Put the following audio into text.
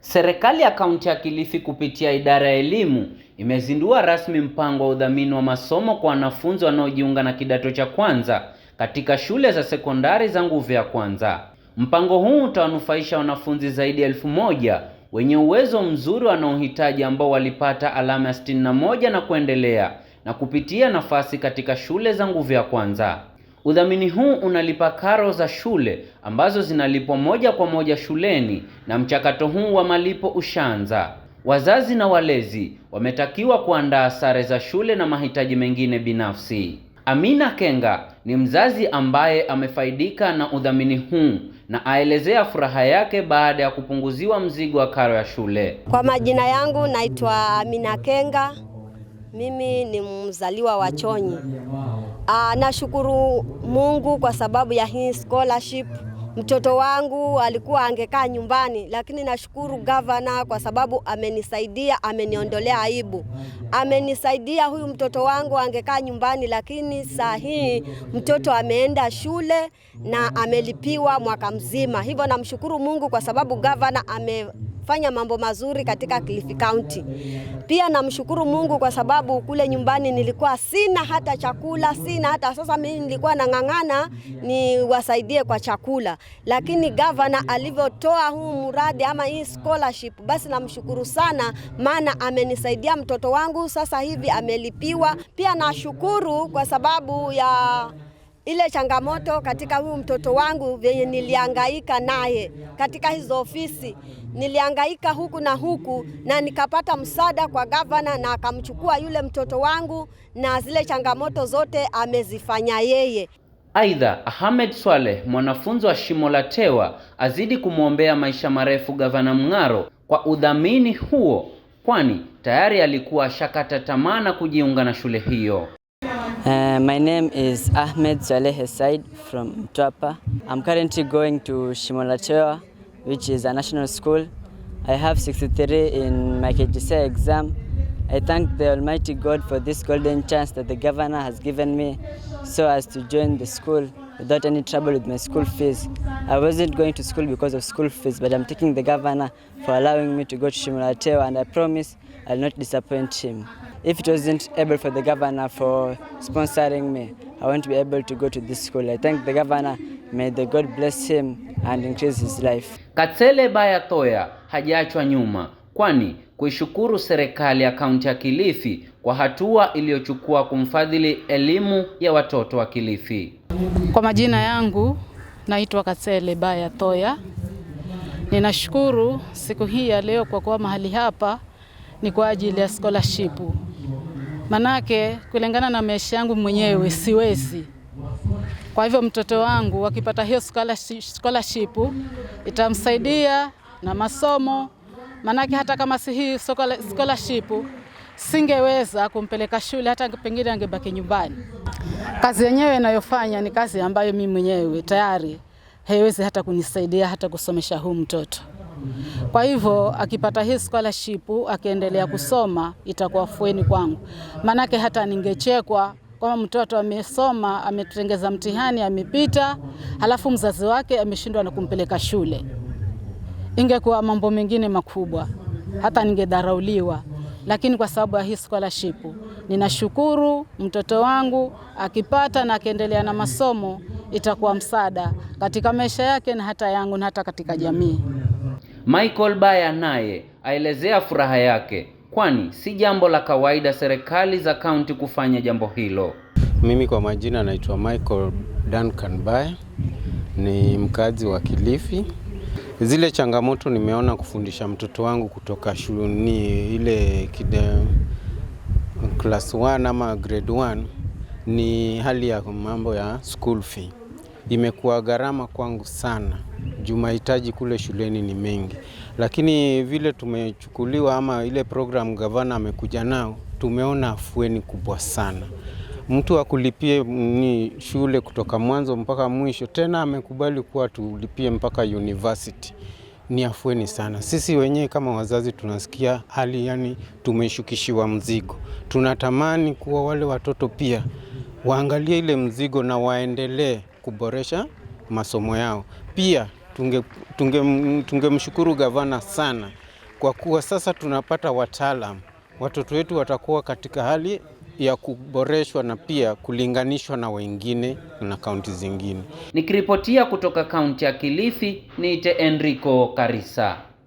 Serikali ya kaunti ya Kilifi kupitia idara ya elimu imezindua rasmi mpango wa udhamini wa masomo kwa wanafunzi wanaojiunga na kidato cha kwanza katika shule za sekondari za nguvu ya kwanza. Mpango huu utawanufaisha wanafunzi zaidi ya elfu moja wenye uwezo mzuri wanaohitaji ambao walipata alama ya na kuendelea na kupitia nafasi katika shule za nguvu ya kwanza. Udhamini huu unalipa karo za shule ambazo zinalipwa moja kwa moja shuleni na mchakato huu wa malipo ushaanza. Wazazi na walezi wametakiwa kuandaa sare za shule na mahitaji mengine binafsi. Amina Kenga ni mzazi ambaye amefaidika na udhamini huu na aelezea furaha yake baada ya kupunguziwa mzigo wa karo ya shule. Kwa majina yangu naitwa Amina Kenga, mimi ni mzaliwa wa Chonyi. Uh, nashukuru Mungu kwa sababu ya hii scholarship. Mtoto wangu alikuwa angekaa nyumbani, lakini nashukuru gavana kwa sababu amenisaidia, ameniondolea aibu, amenisaidia. Huyu mtoto wangu angekaa nyumbani, lakini saa hii mtoto ameenda shule na amelipiwa mwaka mzima. Hivyo namshukuru Mungu kwa sababu gavana ame fanya mambo mazuri katika Kilifi County. Pia namshukuru Mungu kwa sababu kule nyumbani nilikuwa sina hata chakula, sina hata sasa. Mimi nilikuwa nang'ang'ana niwasaidie kwa chakula, lakini gavana alivyotoa huu mradi ama hii scholarship, basi namshukuru sana, maana amenisaidia mtoto wangu sasa hivi amelipiwa. Pia nashukuru kwa sababu ya ile changamoto katika huyu mtoto wangu vyenye niliangaika naye katika hizo ofisi, niliangaika huku na huku, na nikapata msaada kwa gavana, na akamchukua yule mtoto wangu, na zile changamoto zote amezifanya yeye. Aidha, Ahmed Swaleh mwanafunzi wa Shimo la Tewa azidi kumwombea maisha marefu Gavana Mng'aro kwa udhamini huo, kwani tayari alikuwa ashakata tamaa na kujiunga na shule hiyo. Uh, my name is Ahmed Swalehe Said from Mtwapa. I'm currently going to Shimolachewa, which is a national school. I have 63 in my KGCE exam. I thank the Almighty God for this golden chance that the governor has given me so as to join the school without any trouble with my school fees. I wasn't going to school because of school fees, but I'm thanking the governor for allowing me to go to Shimolatewa and I promise I'll not disappoint him. If it wasn't able for the governor for sponsoring me, I won't be able to go to this school. I thank the governor. May the God bless him and increase his life. Katsele Bayatoya hajaachwa nyuma kwani kuishukuru serikali ya kaunti ya Kilifi kwa hatua iliyochukua kumfadhili elimu ya watoto wa Kilifi. Kwa majina yangu naitwa Kasele Baya Toya. Ninashukuru siku hii ya leo kwa kuwa mahali hapa ni kwa ajili ya scholarship. Manake kulingana na maisha yangu mwenyewe siwezi. Kwa hivyo mtoto wangu akipata hiyo scholarship itamsaidia na masomo Maanake hata kama si hii scholarship singeweza kumpeleka shule, hata pengine angebaki nyumbani. Kazi yenyewe inayofanya ni kazi ambayo mimi mwenyewe tayari haiwezi hata kunisaidia hata kusomesha huu mtoto. Kwa hivyo akipata hii scholarship akiendelea kusoma itakuwa fueni kwangu, maanake hata ningechekwa kama mtoto amesoma ametengeza mtihani amepita, halafu mzazi wake ameshindwa na kumpeleka shule ingekuwa mambo mengine makubwa, hata ningedharauliwa, lakini kwa sababu ya hii scholarship ninashukuru. Mtoto wangu akipata na akiendelea na masomo itakuwa msaada katika maisha yake na hata yangu na hata katika jamii. Michael Baya naye aelezea furaha yake, kwani si jambo la kawaida serikali za kaunti kufanya jambo hilo. Mimi kwa majina naitwa Michael Duncan Baya, ni mkazi wa Kilifi. Zile changamoto nimeona kufundisha mtoto wangu kutoka shule ni ile kide class 1 ama grade 1 ni hali ya mambo ya school fee. Imekuwa gharama kwangu sana juu mahitaji kule shuleni ni mengi, lakini vile tumechukuliwa ama ile program gavana amekuja nao, tumeona afueni kubwa sana mtu akulipie ni shule kutoka mwanzo mpaka mwisho, tena amekubali kuwa tulipie mpaka university ni afueni sana. Sisi wenyewe kama wazazi tunasikia hali yani, tumeshukishiwa mzigo. Tunatamani kuwa wale watoto pia waangalie ile mzigo na waendelee kuboresha masomo yao. Pia tungemshukuru tunge, tunge gavana sana kwa kuwa sasa tunapata wataalam, watoto wetu watakuwa katika hali ya kuboreshwa na pia kulinganishwa na wengine na kaunti zingine. Nikiripotia kutoka kaunti ya Kilifi, niite Enrico Karisa.